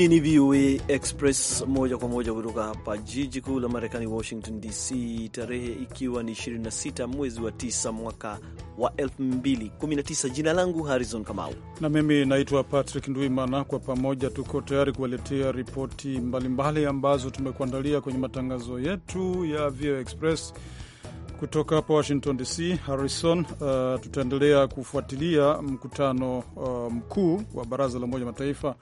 Hii ni VOA Express moja kwa moja kutoka hapa jiji kuu la Marekani, Washington DC, tarehe ikiwa ni 26 mwezi wa 9 mwaka wa 2019. Jina langu Harrison Kamau na mimi naitwa Patrick nduimana Kwa pamoja tuko tayari kuwaletea ripoti mbalimbali ambazo tumekuandalia kwenye matangazo yetu ya VOA Express kutoka hapa Washington DC. Harrison, uh, tutaendelea kufuatilia mkutano uh, mkuu wa baraza la Umoja Mataifa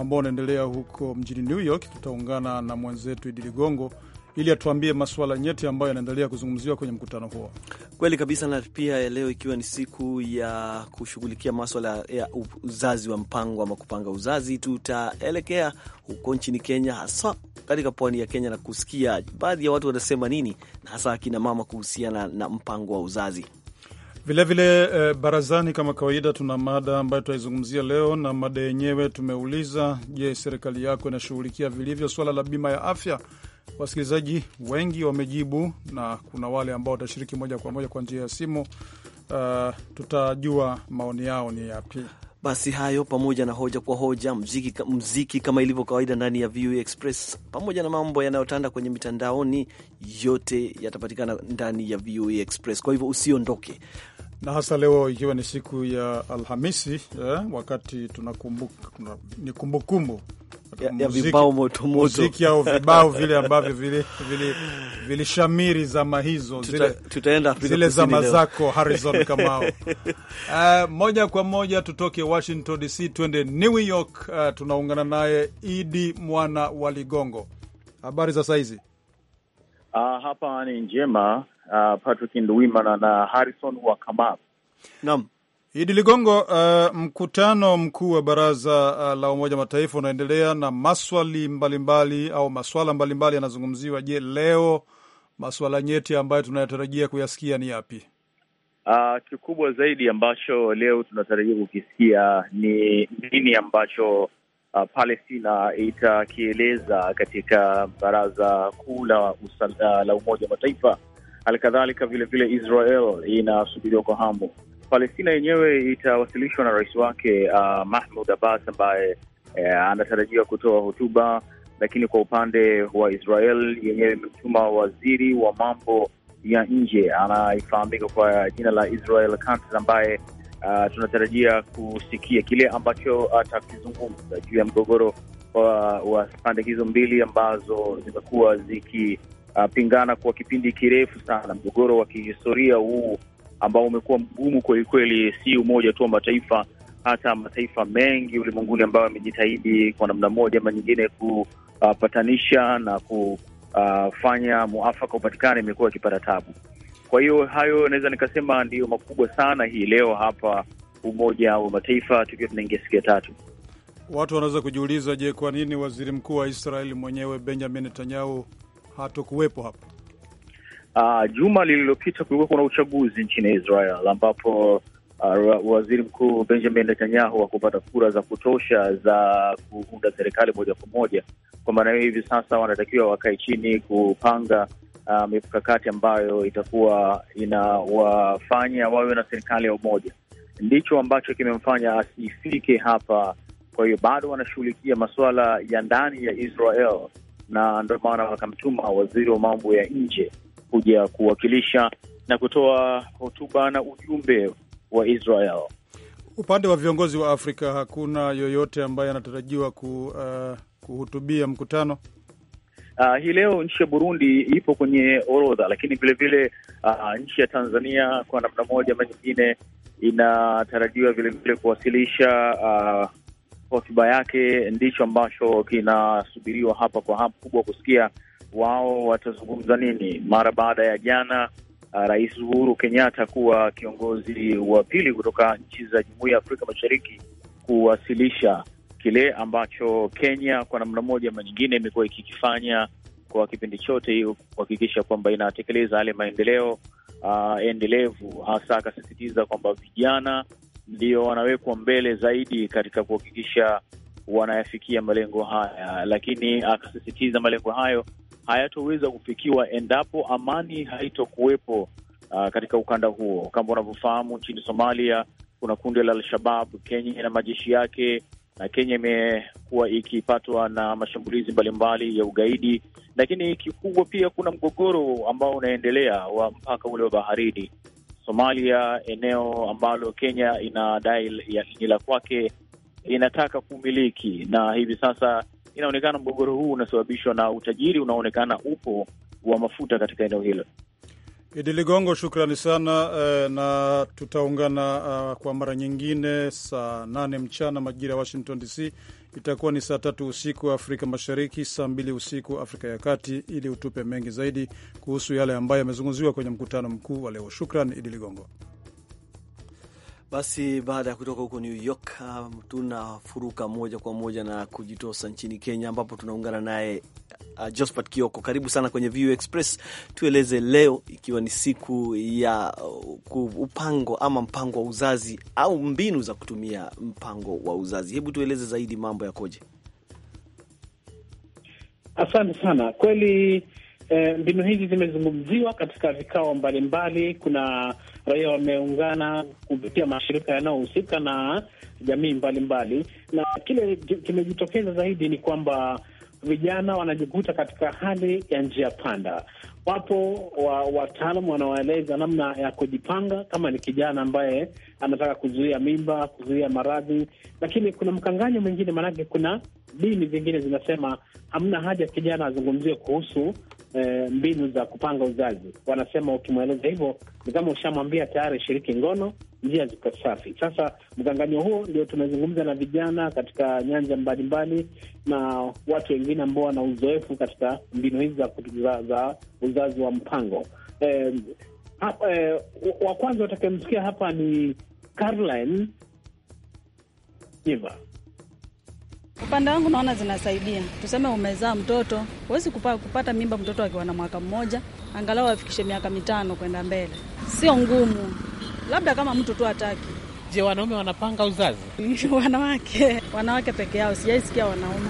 ambao unaendelea huko mjini New York. Tutaungana na mwenzetu Idi Ligongo ili atuambie masuala nyeti ambayo yanaendelea kuzungumziwa kwenye mkutano huo. Kweli kabisa, na pia leo ikiwa ni siku ya kushughulikia maswala ya uzazi wa mpango ama kupanga uzazi, tutaelekea huko nchini Kenya, hasa katika pwani ya Kenya na kusikia baadhi ya watu wanasema nini, na hasa akina mama kuhusiana na mpango wa uzazi vilevile vile, eh, barazani kama kawaida, tuna mada ambayo tutaizungumzia leo, na mada yenyewe tumeuliza, je, serikali yako inashughulikia vilivyo suala la bima ya afya? Wasikilizaji wengi wamejibu, na kuna wale ambao watashiriki moja kwa moja kwa njia ya simu. Uh, tutajua maoni yao ni yapi. Basi hayo pamoja na hoja kwa hoja, mziki, mziki kama ilivyo kawaida ndani ya VOA Express, pamoja na mambo yanayotanda kwenye mitandaoni, yote yatapatikana ndani ya VOA Express. Kwa hivyo usiondoke, na hasa leo ikiwa ni siku ya Alhamisi eh, wakati tunakumbuka kuna, ni kumbukumbu muziki au vibao vile ambavyo vilishamiri zama hizo zile, tuta, zile zama zako Harrison Kamau. Uh, moja kwa moja tutoke Washington DC twende New York. Uh, tunaungana naye Idi Mwana wa Ligongo. Habari za saizi? Uh, hapa ni njema uh, Patrick Nduwimana na Harrison wa Kamau. Naam, Idi Ligongo, uh, mkutano mkuu wa baraza uh, la Umoja Mataifa unaendelea na maswali mbalimbali mbali, au maswala mbalimbali yanazungumziwa. Je, leo maswala nyeti ambayo tunayatarajia kuyasikia ni yapi? Uh, kikubwa zaidi ambacho leo tunatarajia kukisikia ni nini ambacho uh, Palestina itakieleza katika baraza kuu la, uh, la Umoja Mataifa Halikadhalika vilevile Israel inasubiriwa kwa hamu. Palestina yenyewe itawasilishwa na rais wake uh, Mahmud Abbas ambaye eh, anatarajiwa kutoa hotuba, lakini kwa upande wa Israel yenyewe imemtuma waziri wa mambo ya nje anaifahamika kwa jina la Israel Katz ambaye uh, tunatarajia kusikia kile ambacho atakizungumza juu ya mgogoro wa, uh, wa pande hizo mbili ambazo zimekuwa ziki Ah, pingana kwa kipindi kirefu sana, mgogoro wa kihistoria huu ambao umekuwa mgumu kwelikweli, si umoja tu wa mataifa, hata mataifa mengi ulimwenguni ambayo yamejitahidi kwa namna moja ama nyingine kupatanisha na kufanya mwafaka upatikane, imekuwa ikipata tabu. Kwa hiyo hayo naweza nikasema ndiyo makubwa sana hii leo hapa Umoja wa Mataifa tukiwa tunaingia siku ya tatu. Watu wanaweza kujiuliza, je, kwa nini waziri mkuu wa Israeli mwenyewe Benjamin Netanyahu hatokuwepo hapo? Uh, juma lililopita kulikuwa kuna uchaguzi nchini Israel ambapo Uh, waziri mkuu Benjamin Netanyahu hakupata kura za kutosha za kuunda serikali moja kwa moja. Kwa maana hiyo, hivi sasa wanatakiwa wakae chini kupanga uh, mikakati ambayo itakuwa inawafanya wawe na serikali ya umoja. Ndicho ambacho kimemfanya asifike hapa. Kwa hiyo bado wanashughulikia masuala ya ndani ya Israel na ndio maana wakamtuma waziri wa mambo ya nje kuja kuwakilisha na kutoa hotuba na ujumbe wa Israel. Upande wa viongozi wa Afrika hakuna yoyote ambaye anatarajiwa ku, uh, kuhutubia mkutano uh, hii leo. Nchi ya Burundi ipo kwenye orodha, lakini vilevile uh, ah, nchi ya Tanzania kwa namna moja ama nyingine inatarajiwa vilevile kuwasilisha uh, hotuba yake ndicho ambacho kinasubiriwa hapa kwa hamu kubwa kusikia wao watazungumza nini mara baada ya jana uh, Rais Uhuru Kenyatta kuwa kiongozi wa pili kutoka nchi za Jumuiya ya Afrika Mashariki kuwasilisha kile ambacho Kenya kwa namna moja ama nyingine imekuwa ikikifanya kwa kipindi chote, kuhakikisha kwamba inatekeleza yale maendeleo uh, endelevu, hasa akasisitiza kwamba vijana ndio wanawekwa mbele zaidi katika kuhakikisha wanayafikia malengo haya, lakini akasisitiza malengo hayo hayatoweza kufikiwa endapo amani haitokuwepo uh, katika ukanda huo. Kama unavyofahamu, nchini Somalia kuna kundi la Al-Shabab. Kenya na majeshi yake na Kenya imekuwa ikipatwa na mashambulizi mbalimbali ya ugaidi, lakini kikubwa pia kuna mgogoro ambao unaendelea wa mpaka ule wa baharini Somalia, eneo ambalo Kenya inadai ni la kwake, inataka kumiliki, na hivi sasa inaonekana mgogoro huu unasababishwa na utajiri unaoonekana upo wa mafuta katika eneo hilo. Idi Ligongo, shukrani sana eh, na tutaungana uh, kwa mara nyingine saa nane mchana majira ya Washington DC, itakuwa ni saa tatu usiku Afrika Mashariki, saa mbili usiku Afrika ya Kati, ili utupe mengi zaidi kuhusu yale ambayo yamezungumziwa kwenye mkutano mkuu wa leo. Shukran Idi Ligongo. Basi baada ya kutoka huko New York um, tunafuruka moja kwa moja na kujitosa nchini Kenya, ambapo tunaungana naye uh, Josphat Kioko. Karibu sana kwenye VU Express. Tueleze leo, ikiwa ni siku ya uh, upango ama mpango wa uzazi au mbinu za kutumia mpango wa uzazi, hebu tueleze zaidi mambo yakoje? Asante sana kweli. Eh, mbinu hizi zimezungumziwa katika vikao mbalimbali. Kuna raia wameungana kupitia mashirika yanayohusika na jamii mbalimbali mbali. Na kile kimejitokeza zaidi ni kwamba vijana wanajikuta katika hali ya njia panda. Wapo wa, wanaoeleza namna ya kujipanga kama ni kijana ambaye anataka kuzuia mimba, kuzuia maradhi, lakini kuna mkanganyo mwingine, maanake kuna dini zingine zinasema hamna haja kijana azungumzie kuhusu e, mbinu za kupanga uzazi. Wanasema ukimweleza hivyo ni kama ushamwambia tayari shiriki ngono, njia ziko safi. Sasa mganganyo huo ndio tumezungumza na vijana katika nyanja mbalimbali na watu wengine ambao wana uzoefu katika mbinu hizi za, za uzazi wa mpango e, eh, hapa, eh, e, wa kwanza watakayemsikia hapa ni Caroline Upande wangu naona zinasaidia. Tuseme umezaa mtoto, huwezi kupata mimba mtoto akiwa na mwaka mmoja, angalau afikishe miaka mitano kwenda mbele. Sio ngumu, labda kama mtu tu hataki. Je, wanaume wanapanga uzazi? Wanawake, wanawake peke yao, sijaisikia wanaume.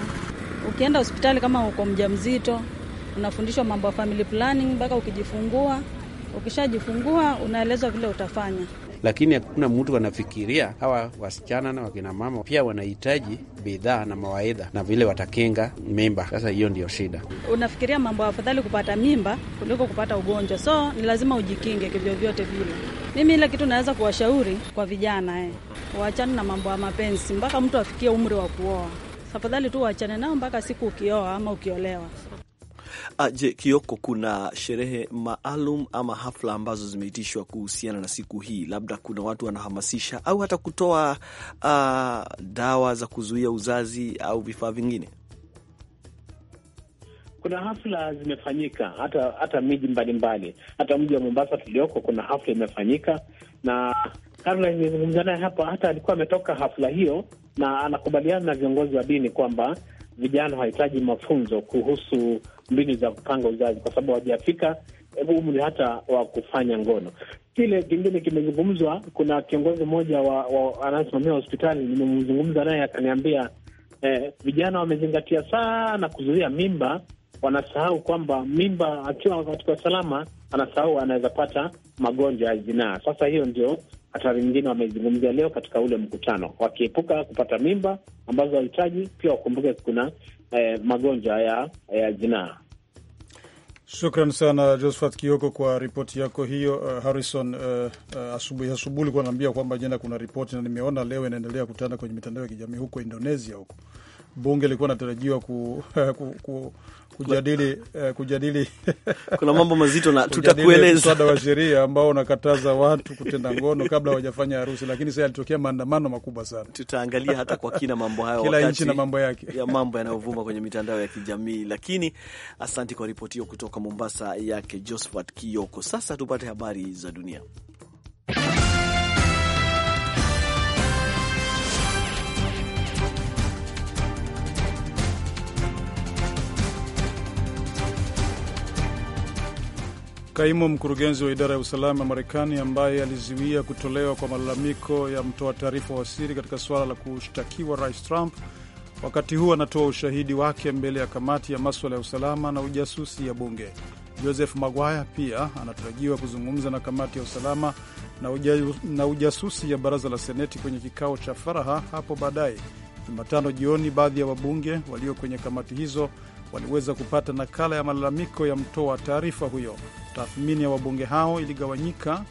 Ukienda hospitali kama uko mjamzito, unafundishwa mambo ya family planning mpaka ukijifungua. Ukishajifungua unaelezwa vile utafanya lakini hakuna mtu anafikiria hawa wasichana na wakinamama pia wanahitaji bidhaa na mawaidha na vile watakinga mimba. Sasa hiyo ndio shida, unafikiria mambo afadhali kupata mimba kuliko kupata ugonjwa, so ni lazima ujikinge kivyovyote vile. Mimi ile kitu naweza kuwashauri kwa vijana eh, waachane na mambo ya mapenzi mpaka mtu afikie umri wa kuoa. Afadhali tu waachane nao mpaka siku ukioa ama ukiolewa. Ah, je, Kioko, kuna sherehe maalum ama hafla ambazo zimeitishwa kuhusiana na siku hii? Labda kuna watu wanahamasisha au hata kutoa uh, dawa za kuzuia uzazi au vifaa vingine? Kuna hafla zimefanyika hata hata miji mbalimbali, hata mji wa Mombasa tulioko, kuna hafla imefanyika na Karla imezungumza naye hapa, hata alikuwa ametoka hafla hiyo na anakubaliana na viongozi wa dini kwamba vijana hawahitaji mafunzo kuhusu mbinu za kupanga uzazi, kwa sababu hawajafika umri hata wa kufanya ngono. Kile kingine kimezungumzwa, kuna kiongozi mmoja wa, wa anayesimamia hospitali, nimemzungumza naye akaniambia, eh, vijana wamezingatia sana kuzuia mimba, wanasahau kwamba mimba akiwa katika salama, anasahau anaweza pata magonjwa ya zinaa. Sasa hiyo ndio hatari nyingine wamezungumzia leo katika ule mkutano, wakiepuka kupata mimba ambazo wahitaji. Pia wakumbuke kuna eh, magonjwa ya, ya zinaa. Shukran sana Josphat Kioko kwa ripoti yako hiyo. Uh, Harrison, uh, asubuhi asubuhi ulikuwa naambia kwamba jana kuna ripoti na nimeona leo inaendelea kutanda kwenye mitandao ya kijamii huko Indonesia huko bunge likuwa natarajiwa ku, eh, ku, ku, kujadili, eh, kujadili kuna mambo mazito na tutakueleza mswada wa sheria ambao unakataza watu kutenda ngono kabla hawajafanya harusi, lakini sasa alitokea maandamano makubwa sana. Tutaangalia hata kwa kina mambo hayo, kila nchi na mambo yake ya mambo yanayovuma kwenye mitandao ya kijamii. Lakini asante kwa ripoti hiyo kutoka Mombasa yake Josephat Kioko. Sasa tupate habari za dunia. Kaimu mkurugenzi wa idara ya usalama ya Marekani ambaye alizuia kutolewa kwa malalamiko ya mtoa taarifa wa siri katika suala la kushtakiwa Rais Trump, wakati huu anatoa ushahidi wake mbele ya kamati ya maswala ya usalama na ujasusi ya bunge. Joseph Magwaya pia anatarajiwa kuzungumza na kamati ya usalama na, uja, na ujasusi ya baraza la Seneti kwenye kikao cha faraha hapo baadaye Jumatano jioni, baadhi ya wabunge walio kwenye kamati hizo waliweza kupata nakala ya malalamiko ya mtoa taarifa huyo. Tathmini ya wabunge hao iligawanyika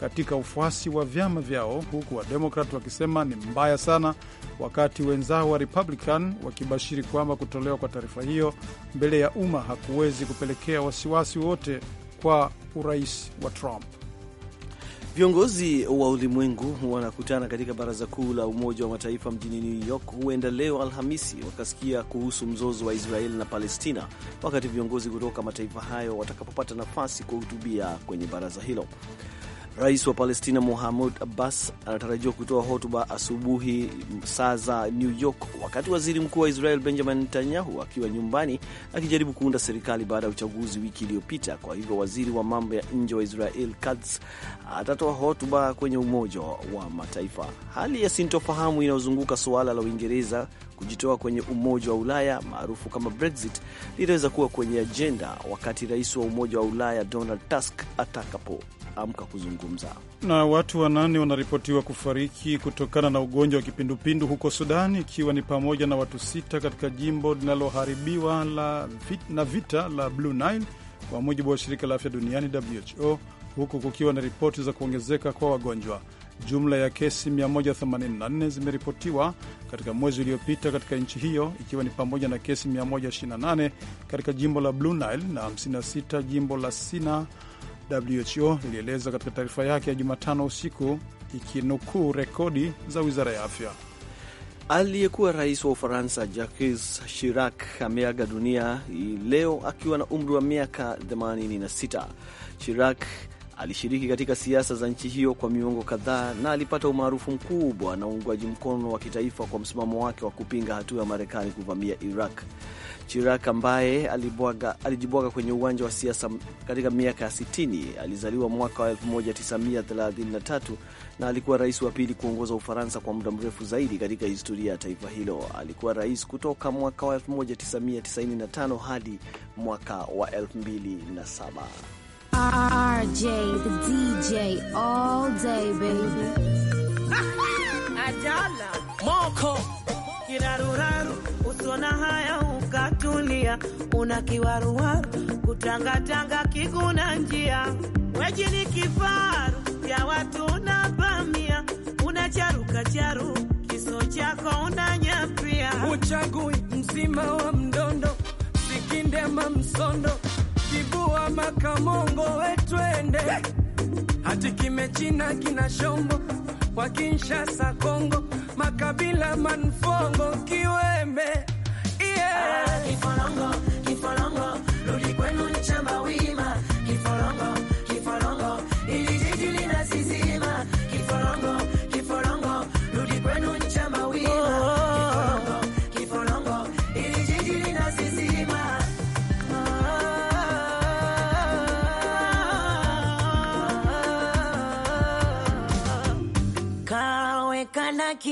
katika ufuasi wa vyama vyao, huku wademokrat wakisema ni mbaya sana, wakati wenzao wa Republican wakibashiri kwamba kutolewa kwa taarifa hiyo mbele ya umma hakuwezi kupelekea wasiwasi wote kwa urais wa Trump. Viongozi wa ulimwengu wanakutana katika baraza kuu la Umoja wa Mataifa mjini New York, huenda leo Alhamisi wakasikia kuhusu mzozo wa Israeli na Palestina, wakati viongozi kutoka mataifa hayo watakapopata nafasi kuhutubia kwenye baraza hilo. Rais wa Palestina muhamud Abbas anatarajiwa kutoa hotuba asubuhi saa za New York, wakati waziri mkuu wa Israel Benjamin Netanyahu akiwa nyumbani akijaribu kuunda serikali baada ya uchaguzi wiki iliyopita. Kwa hivyo waziri wa mambo ya nje wa Israel Katz atatoa hotuba kwenye Umoja wa Mataifa. Hali ya sintofahamu inayozunguka suala la Uingereza kujitoa kwenye Umoja wa Ulaya maarufu kama Brexit linaweza kuwa kwenye ajenda wakati rais wa Umoja wa Ulaya Donald Tusk atakapo amka kuzungumza. Na watu wanane wanaripotiwa kufariki kutokana na ugonjwa wa kipindupindu huko Sudan, ikiwa ni pamoja na watu sita katika jimbo linaloharibiwa na vita la Blue Nile, kwa mujibu wa shirika la afya duniani WHO, huku kukiwa na ripoti za kuongezeka kwa wagonjwa. Jumla ya kesi 184 zimeripotiwa katika mwezi uliopita katika nchi hiyo ikiwa ni pamoja na kesi 128 katika jimbo la Blue Nile na 56 jimbo la Sina WHO ilieleza katika taarifa yake ya Jumatano usiku ikinukuu rekodi za wizara ya afya. Aliyekuwa rais wa Ufaransa Jacques Chirac ameaga dunia hii leo akiwa na umri wa miaka 86. Chirac Alishiriki katika siasa za nchi hiyo kwa miongo kadhaa na alipata umaarufu mkubwa na uungwaji mkono wa kitaifa kwa msimamo wake wa kupinga hatua ya Marekani kuvamia Iraq. chirak ambaye alibwaga, alijibwaga kwenye uwanja wa siasa katika miaka ya 60 alizaliwa mwaka wa 1933 na alikuwa rais wa pili kuongoza Ufaransa kwa muda mrefu zaidi katika historia ya taifa hilo. Alikuwa rais kutoka mwaka wa 1995 hadi mwaka wa 2007. RJ, the DJ, all day, baby. Ajala. Moko. Kiraruraru, usona haya ukatulia, unakiwaruwaru, kutangatanga kiguna njia. Weji ni kifaru, ya watu unabamia, unacharuka charu, kiso chako nyapia Uchagui mzima wa mdondo, sikindema msondo kibua makamongo wetwende hati kimechina kina shombo wa Kinshasa Kongo makabila manfongo kiwembe yeah.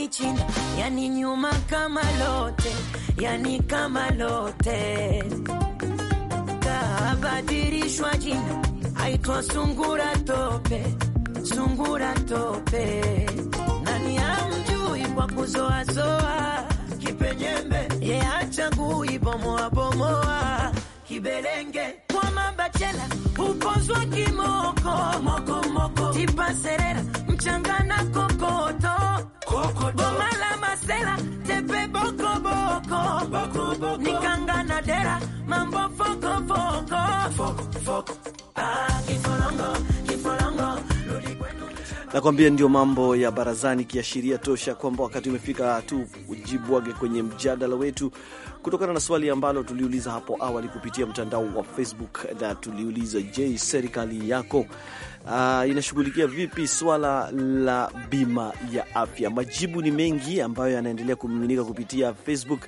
kitchen, yani nyuma kama lote, yani kama lote kabadirishwa jina, aitwa sungura tope, sungura tope. Nani amjui kwa kuzoazoa kipenyembe, ye achagui bomoa bomoa kibelenge bachela, uponzwa kimoko moko moko, tipa mchanga na kokoto kokoto, boma la masela, tepe boko boko boko boko, nikanga na dera, mambo foko foko foko foko, ah kifolongo Nakwambia ndio mambo ya barazani, kiashiria tosha kwamba wakati umefika tu ujibwage kwenye mjadala wetu kutokana na swali ambalo tuliuliza hapo awali kupitia mtandao wa Facebook na tuliuliza, je, serikali yako uh, inashughulikia vipi swala la bima ya afya? Majibu ni mengi ambayo yanaendelea kumiminika kupitia Facebook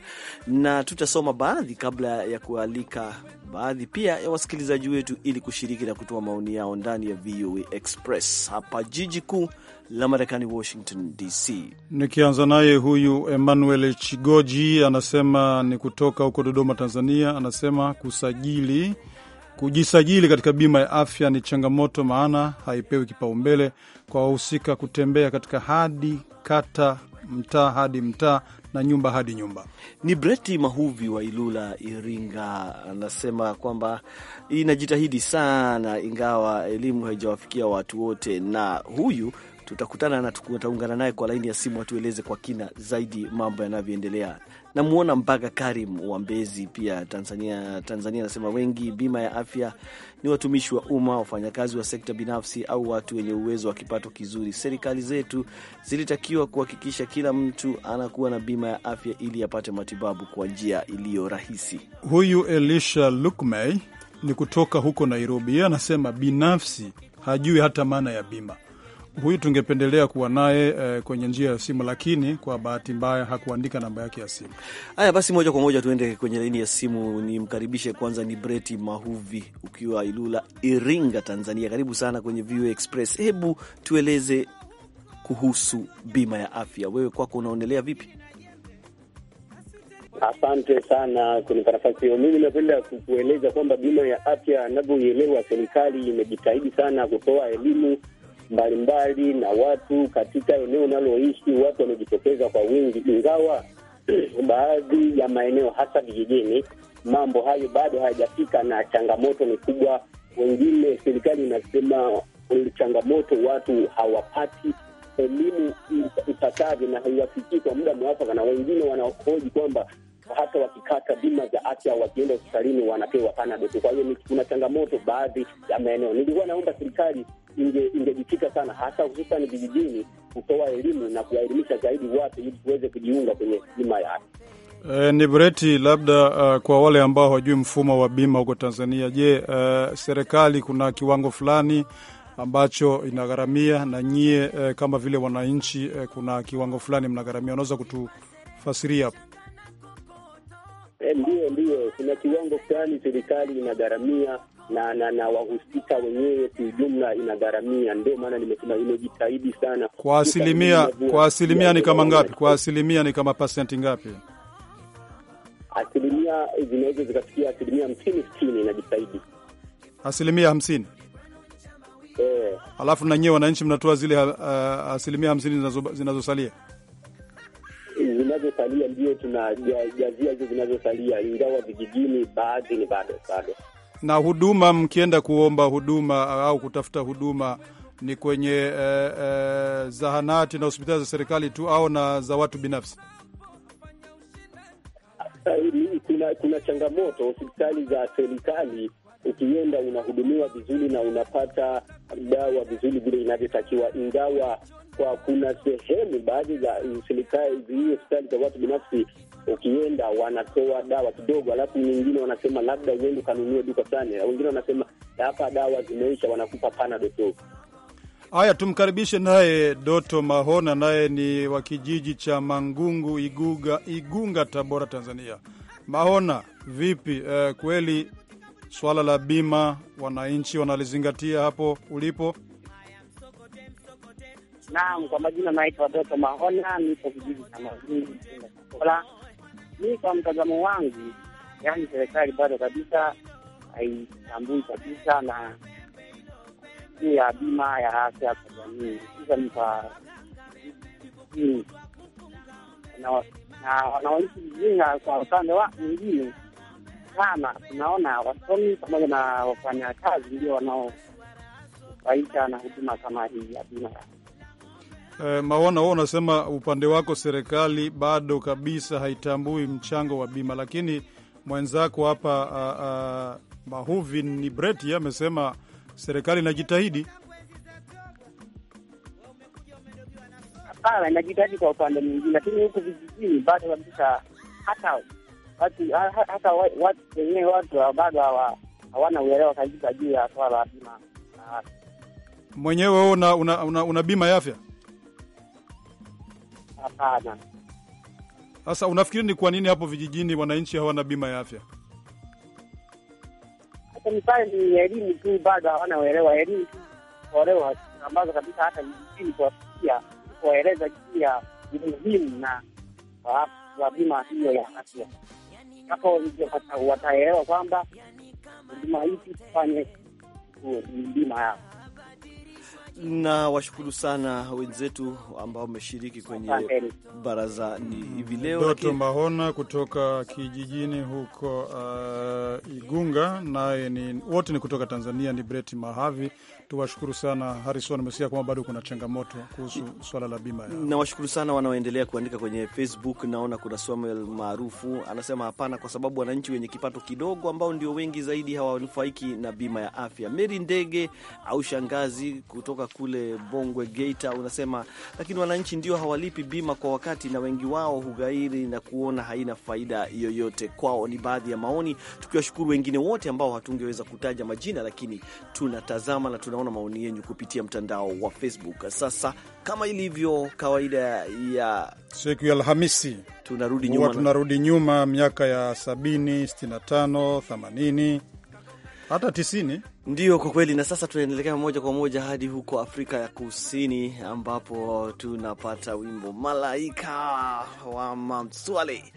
na tutasoma baadhi kabla ya kualika baadhi pia ya wasikilizaji wetu ili kushiriki na kutoa maoni yao ndani ya VOA Express hapa jiji kuu la Marekani, Washington DC. Nikianza naye huyu Emmanuel Chigoji anasema ni kutoka huko Dodoma, Tanzania. Anasema kusajili Kujisajili katika bima ya afya ni changamoto, maana haipewi kipaumbele kwa wahusika kutembea katika hadi kata, mtaa hadi mtaa na nyumba hadi nyumba. Ni Breti Mahuvi wa Ilula, Iringa, anasema kwamba inajitahidi sana, ingawa elimu haijawafikia watu wote. Na huyu tutakutana na tutaungana naye kwa laini ya simu atueleze kwa kina zaidi mambo yanavyoendelea Namwona mpaka Karim wa Mbezi pia Tanzania. Tanzania anasema wengi, bima ya afya ni watumishi wa umma, wafanyakazi wa sekta binafsi, au watu wenye uwezo wa kipato kizuri. Serikali zetu zilitakiwa kuhakikisha kila mtu anakuwa na bima ya afya ili apate matibabu kwa njia iliyo rahisi. Huyu Elisha Lukmey ni kutoka huko Nairobi, yeye anasema binafsi hajui hata maana ya bima huyu tungependelea kuwa naye eh, kwenye njia ya simu, lakini kwa bahati mbaya hakuandika namba yake ya simu. Haya basi, moja kwa moja tuende kwenye laini ya simu, nimkaribishe kwanza ni Breti Mahuvi ukiwa Ilula, Iringa, Tanzania. Karibu sana kwenye VOA Express. Hebu tueleze kuhusu bima ya afya, wewe kwako unaonelea vipi? Asante sana kunipa nafasi hiyo. Mimi napenda kukueleza kwamba bima ya afya anavyoielewa serikali imejitahidi sana kutoa elimu mbalimbali na watu katika eneo unaloishi, watu wamejitokeza kwa wingi, ingawa baadhi ya maeneo hasa vijijini mambo hayo bado hayajafika na changamoto ni kubwa. Wengine serikali inasema changamoto, watu hawapati elimu ipasavyo na haiwafikii kwa muda mwafaka, na wengine wanahoji kwamba hata wakikata bima za afya wakienda hospitalini wanapewa panadol. Kwa hiyo kuna changamoto baadhi ya maeneo. Nilikuwa naomba serikali ingejitika inge sana, hasa hususani vijijini, kutoa elimu na kuwaelimisha zaidi watu ili tuweze kujiunga kwenye bima ya afya. E, ni Breti, labda uh, kwa wale ambao hawajui mfumo wa bima huko Tanzania, je, uh, serikali kuna kiwango fulani ambacho inagharamia na nyie uh, kama vile wananchi uh, kuna kiwango fulani mnagharamia? Unaweza kutufasiria hapo? E, ndio ndio, kuna kiwango fulani serikali inagharamia na na, na wahusika wenyewe kiujumla inagharamia. Ndio maana nimesema imejitahidi sana kwa asilimia. Kwa asilimia ni kama ngapi? Kwa asilimia ni kama pasenti ngapi? Asilimia zinaweza zikafikia asilimia hamsini sitini, inajitahidi asilimia hamsini. Eh, alafu na nyewe wananchi mnatoa zile uh, uh asilimia hamsini zinazosalia zinazo zinazosalia, ndio tunajazia hizo zinazosalia, ingawa vijijini baadhi ni bado bado na huduma, mkienda kuomba huduma au kutafuta huduma ni kwenye eh, eh, zahanati na hospitali za serikali tu au na za watu binafsi? Kuna, kuna changamoto hospitali za serikali ukienda unahudumiwa vizuri na unapata dawa vizuri vile inavyotakiwa, ingawa kwa kuna sehemu baadhi za serikali hii hospitali za watu binafsi, ukienda wanatoa dawa kidogo, alafu wengine wanasema labda uende ukanunue duka fulani, wengine wanasema hapa dawa zimeisha, wanakupa panado tu. Haya, tumkaribishe naye Doto Mahona, naye ni wa kijiji cha Mangungu, Iguga, Igunga, Tabora, Tanzania. Mahona, vipi? Eh, kweli swala la bima wananchi wanalizingatia hapo ulipo? Naam, kwa majina naitwa Doto Mahona, nipo kijiji cha Mazini Kola. ni kwa mtazamo wangu, yani serikali bado kabisa haitambui kabisa na juu ya bima ya afya kwa jamii sasa ni kwa na wanaoishi vijijini. Kwa upande wa mwingine sana, tunaona wasomi pamoja na wafanya kazi ndio wanaofaika na huduma kama hii ya bima ya Eh, Maona, huo unasema upande wako serikali bado kabisa haitambui mchango wa bima, lakini mwenzako hapa uh, uh, Mahuvi ni Breti amesema serikali inajitahidi. Hapana, inajitahidi kwa upande mwingine, lakini huku vijijini bado kabisa, hata hata watu wenyewe watu bado hawana uelewa kabisa juu ya swala la bima. Mwenyewe huo una, una, una, una bima ya afya? sana. Sasa unafikiri ni kwa nini hapo vijijini wananchi hawana bima ya afya? Hata ni elimu tu, bado hawana uelewa, elimu kuolewa ambazo kabisa hata vijijini kuwafikia kuwaeleza juu ya umuhimu na wa bima hiyo ya afya. Hapo wataelewa kwamba bima hii tufanye bima yao na washukuru sana wenzetu ambao wameshiriki kwenye barazani hivi leo. Doto Mahona kutoka kijijini huko uh, Igunga, naye ni wote ni kutoka Tanzania. Ni bret Mahavi Tuwashukuru sana Harison, amesikia kwamba bado kuna changamoto kuhusu swala la bima. Nawashukuru sana wanaoendelea kuandika kwenye Facebook. Naona kuna Samuel maarufu anasema hapana, kwa sababu wananchi wenye kipato kidogo ambao ndio wengi zaidi hawanufaiki na bima ya afya. Meri Ndege au shangazi kutoka kule Bongwe, Geita, unasema lakini wananchi ndio hawalipi bima kwa wakati na wengi wao hughairi na kuona haina faida yoyote kwao. Ni baadhi ya maoni, tukiwashukuru wengine wote ambao hatungeweza kutaja majina, lakini tunatazama na tuna naona maoni yenyu kupitia mtandao wa Facebook. Sasa kama ilivyo kawaida ya siku ya Alhamisi, tunarudi nyuma, tunarudi nyuma miaka ya 70, tano, 80 hata tisini. ndio kwa kweli. Na sasa tunaendelekea moja kwa moja hadi huko Afrika ya Kusini, ambapo tunapata wimbo Malaika wa Mamswale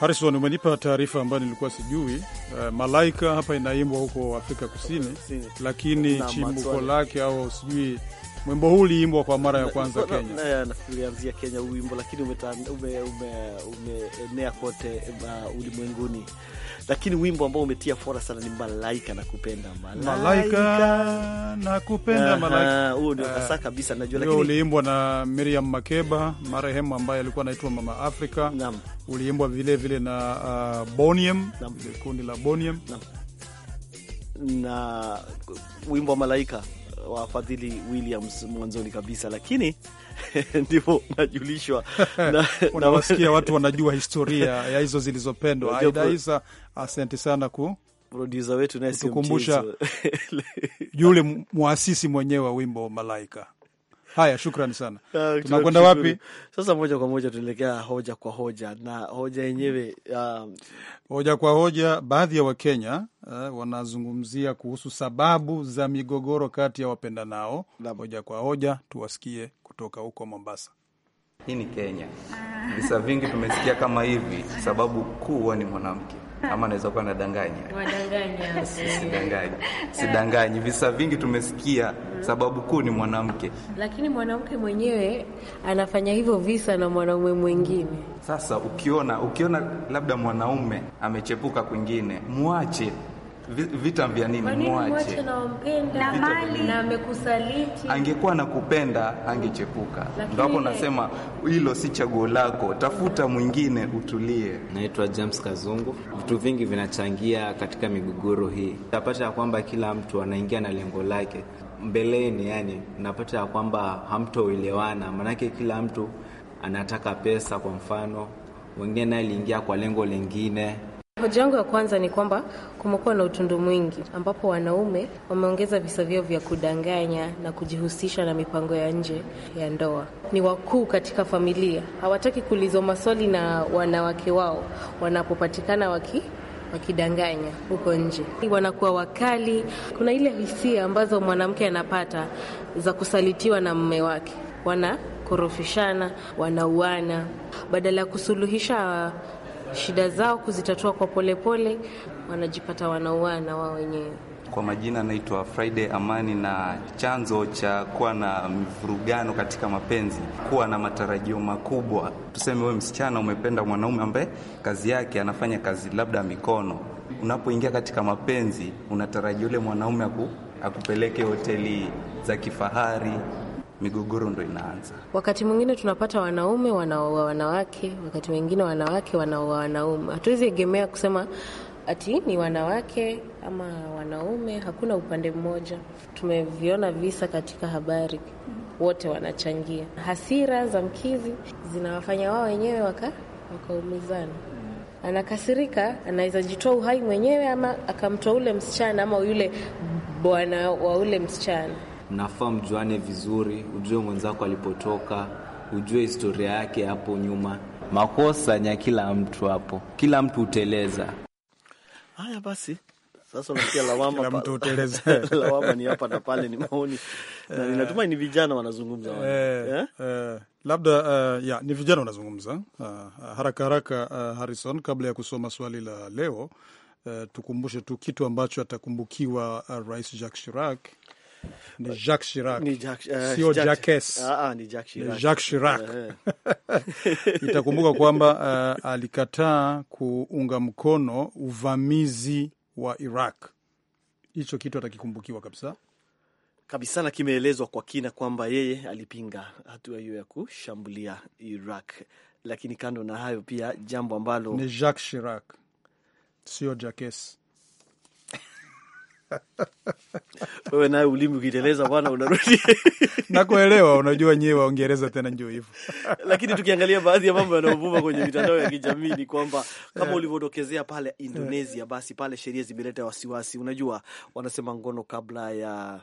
Harrison, umenipa taarifa ambayo nilikuwa sijui. Uh, Malaika hapa inaimbwa huko Afrika Kusini, lakini chimbuko lake au sijui Wimbo huu uliimbwa kwa mara ya kwanza Kenya. Na nafikiri anzia Kenya huu wimbo, lakini umeenea ume, ume, ume kote uh, ulimwenguni. Lakini wimbo ambao umetia fora sana ni Malaika Nakupenda, Malaika Nakupenda, Malaika. Huo ndio hasa eh, kabisa najua, lakini uliimbwa na Miriam Makeba marehemu, ambaye alikuwa anaitwa Mama Africa. Naam, uliimbwa vile vile na uh, Boniem, kundi la Boniem na wimbo wa Malaika wafadhili Williams mwanzoni kabisa, lakini ndivyo najulishwa na, unawasikia watu wanajua historia ya hizo zilizopendwa. Aida Isa, asante sana ku produsa wetu naye yule mwasisi mwenyewe wa wimbo Malaika. Haya, shukran sana. Ah, tunakwenda wapi sasa? Moja kwa moja tunaelekea hoja kwa hoja, na hoja yenyewe um... hoja kwa hoja, baadhi ya Wakenya uh, wanazungumzia kuhusu sababu za migogoro kati ya wapenda nao Hoja kwa hoja, tuwasikie kutoka huko Mombasa. Hii ni Kenya, visa vingi tumesikia kama hivi, sababu kuu ni mwanamke ama naweza kuwa nadanganya, sidanganyi sidanganyi. Visa vingi tumesikia, mm. sababu kuu ni mwanamke, lakini mwanamke mwenyewe anafanya hivyo visa na mwanaume mwingine. Sasa ukiona ukiona labda mwanaume amechepuka kwingine, mwache vita vya nini? Mwache na mali na amekusaliti. Angekuwa nakupenda angechepuka. Ndio hapo nasema hilo si chaguo lako, tafuta mwingine, utulie. Naitwa James Kazungu. Vitu vingi vinachangia katika migogoro hii. napata ya kwamba kila mtu anaingia na lengo lake mbeleni, yani napata ya kwamba hamtoelewana, maanake kila mtu anataka pesa, kwa mfano, wengine naye aliingia kwa lengo lingine Hoja yangu ya kwanza ni kwamba kumekuwa na utundu mwingi ambapo wanaume wameongeza visa vyao vya kudanganya na kujihusisha na mipango ya nje ya ndoa. Ni wakuu katika familia, hawataki kuulizwa maswali na wanawake wao wanapopatikana waki wakidanganya huko nje, wanakuwa wakali. Kuna ile hisia ambazo mwanamke anapata za kusalitiwa na mume wake, wanakorofishana, wanauana badala ya kusuluhisha shida zao kuzitatua kwa polepole pole, wanajipata wanauana wao wenyewe. Kwa majina anaitwa Friday Amani, na chanzo cha kuwa na mvurugano katika mapenzi kuwa na matarajio makubwa. Tuseme wewe msichana umependa mwanaume ambaye kazi yake anafanya kazi labda mikono. Unapoingia katika mapenzi, unatarajia yule mwanaume aku, akupeleke hoteli za kifahari migogoro ndo inaanza. Wakati mwingine tunapata wanaume wanaoa wanawake, wakati mwingine wanawake wanaoa wanaume. Hatuwezi egemea kusema ati ni wanawake ama wanaume, hakuna upande mmoja. Tumeviona visa katika habari, wote wanachangia. Hasira za mkizi zinawafanya wao wenyewe waka wakaumizana anakasirika, anaweza jitoa uhai mwenyewe ama akamtoa ule msichana ama yule bwana wa ule msichana mnafaa mjuane vizuri, ujue mwenzako alipotoka, ujue historia yake hapo nyuma. Makosa ni ya kila mtu hapo, kila mtu huteleza. Haya basi sasa unasikia lawama mtu uteleze lawama ni hapa na pale, ni maoni na eh. ninatumai ni vijana wanazungumza wa. eh, eh? eh, labda uh, ya, ni vijana wanazungumza uh, haraka haraka uh, Harrison, kabla ya kusoma swali la leo uh, tukumbushe tu kitu ambacho atakumbukiwa uh, Rais Jacques Chirac ni Jacques Chirac, eh, sio Jacques, ah, ah, ni Jacques Chirac. Eh, eh. Itakumbuka kwamba uh, alikataa kuunga mkono uvamizi wa Iraq. Hicho kitu atakikumbukiwa kabisa kabisa na kimeelezwa kwa kina kwamba yeye alipinga hatua hiyo ya kushambulia Iraq. Lakini kando na hayo, pia jambo ambalo ni Jacques Chirac, sio Jacques Wewe naye ulimi ukiteleza bwana unarudi. Nakuelewa, unajua nyewe Waingereza tena ndio hivo. Lakini tukiangalia baadhi ya mambo yanayovuma kwenye mitandao ya kijamii ni kwamba kama eh. ulivyodokezea pale eh. Indonesia, basi pale sheria zimeleta wasiwasi. Unajua wanasema ngono kabla ya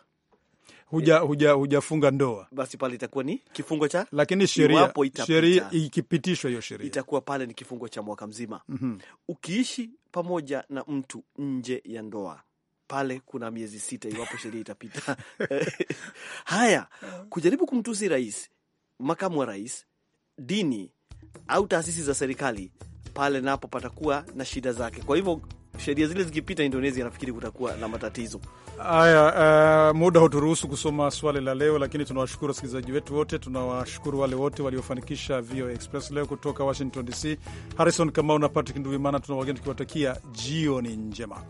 huja eh. huja hujafunga ndoa basi pale itakuwa ni kifungo cha, lakini sheria sheria ikipitishwa hiyo sheria itakuwa pale ni kifungo cha mwaka mzima. mm -hmm. Ukiishi pamoja na mtu nje ya ndoa pale kuna miezi sita iwapo sheria itapita. Haya, kujaribu kumtusi rais, makamu wa rais, dini au taasisi za serikali, pale napo patakuwa na shida zake. Kwa hivyo sheria zile zikipita Indonesia, nafikiri kutakuwa na matatizo haya. Uh, muda huturuhusu kusoma swali la leo, lakini tunawashukuru wasikilizaji wetu wote. Tunawashukuru wale wote waliofanikisha VOA Express leo kutoka Washington DC. Harrison Kamau na Patrick Nduimana tunawageni tukiwatakia jioni njema.